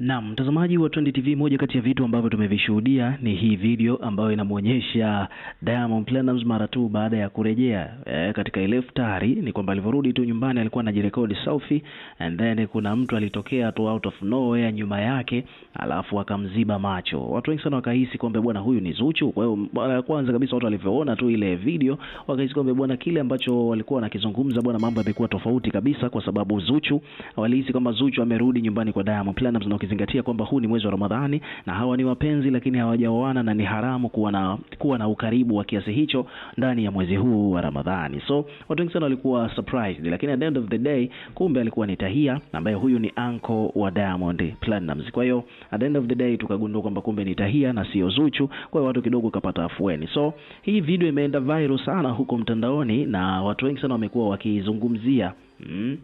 Na mtazamaji wa Trend TV, moja kati ya vitu ambavyo tumevishuhudia ni hii video ambayo inamwonyesha Diamond Platnumz mara tu baada ya kurejea e, katika ile futari. Ni kwamba alivyorudi tu nyumbani alikuwa anajirekodi selfie and then kuna mtu alitokea tu out of nowhere nyuma yake, alafu akamziba macho. Watu wengi sana wakahisi kwamba bwana huyu ni Zuchu. Kwa hiyo mara ya kwanza kabisa watu walivyoona tu ile video wakahisi kwamba bwana kile ambacho walikuwa wanakizungumza, bwana mambo yamekuwa tofauti kabisa, kwa sababu Zuchu walihisi kwamba Zuchu amerudi nyumbani kwa Diamond Platnumz ukizingatia kwamba huu ni mwezi wa Ramadhani na hawa ni wapenzi lakini hawajaoana na ni haramu kuwa na, kuwa na ukaribu wa kiasi hicho ndani ya mwezi huu wa Ramadhani. So watu wengi sana walikuwa surprised, lakini at the end of the day kumbe alikuwa ni Tahia ambaye huyu ni anko wa Diamond Platinumz. Kwa hiyo at the end of the day tukagundua kwamba kumbe ni Tahia na sio Zuchu, kwa hiyo watu kidogo kapata afueni. So hii video imeenda viral sana huko mtandaoni na watu wengi sana wamekuwa wakizungumzia mm.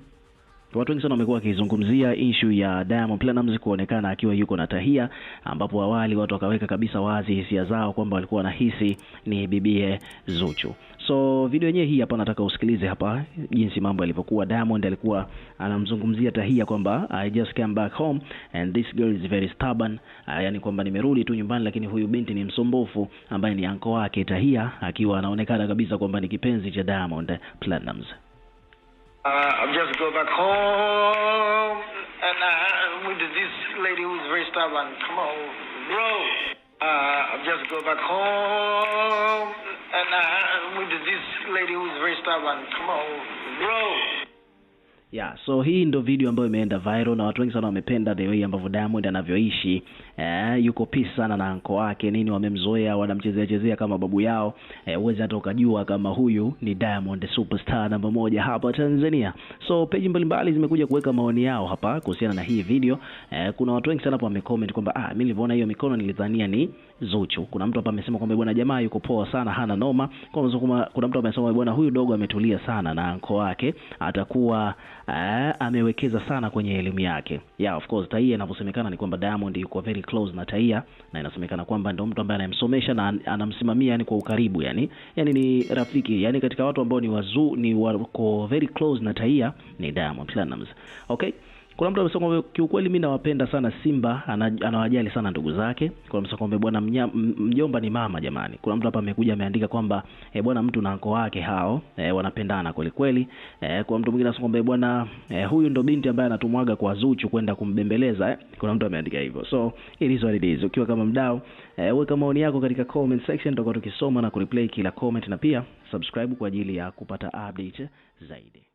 Watu wengi sana wamekuwa wakizungumzia ishu ya Diamond Platnumz kuonekana akiwa yuko na tahia, ambapo awali watu wakaweka kabisa wazi hisia zao kwamba walikuwa wanahisi ni bibie Zuchu. So video yenyewe hii hapa, nataka usikilize hapa jinsi mambo yalivyokuwa. Diamond alikuwa anamzungumzia tahia kwamba I just came back home and this girl is very stubborn, ah, yani kwamba nimerudi tu nyumbani, lakini huyu binti ni msumbufu, ambaye ni anko wake Tahia, akiwa anaonekana kabisa kwamba ni kipenzi cha Diamond Platnumz. Uh, I'm just go back home, and I'm uh, with this lady who's very stubborn. Come on, bro. Uh, I'm just go back home, and I'm uh, with this lady who's very stubborn. Come on, bro. Yeah, so hii ndo video ambayo imeenda viral na watu wengi sana wamependa the way ambavyo Diamond anavyoishi. Eh, yuko peace sana na anko wake nini, wamemzoea wanamchezea chezea kama babu yao. Eh, huwezi eh, hata ukajua kama huyu ni Diamond superstar namba moja hapa Tanzania. So peji mbalimbali zimekuja kuweka maoni yao hapa kuhusiana na hii video. Eh, kuna watu wengi sana hapo wamecomment kwamba ah, mimi nilipoona hiyo mikono nilidhania ni Zuchu. Kuna mtu hapa amesema kwamba bwana, jamaa yuko poa sana, hana noma. Kwa Kuna mtu amesema bwana, huyu dogo ametulia sana na anko wake atakuwa eh, amewekeza sana kwenye elimu yake. Yeah, of course Taia inavyosemekana ni kwamba Diamond yuko very close na Taia na inasemekana kwamba ndio mtu ambaye anayemsomesha na anamsimamia yani kwa ukaribu yani. Yani ni rafiki yani katika watu ambao ni wazuu ni wako very close na Taia ni Diamond Platinumz. Okay? Kuna mtu amesema kwamba kiukweli, mimi nawapenda sana Simba, anawajali sana ndugu zake. Kuna mtu kwamba bwana mjomba ni mama jamani. Kuna mtu hapa amekuja ameandika kwamba e, bwana mtu na ukoo wake hao e, wanapendana kweli kweli. E, kuna mtu mwingine anasema kwamba bwana e, huyu ndo binti ambaye anatumwaga kwa Zuchu kwenda kumbembeleza. E, kuna mtu ameandika hivyo, so it is what it is. Ukiwa kama mdau e, weka maoni yako katika comment section, tutakuwa tukisoma na kureplay kila comment, na pia subscribe kwa ajili ya kupata update zaidi.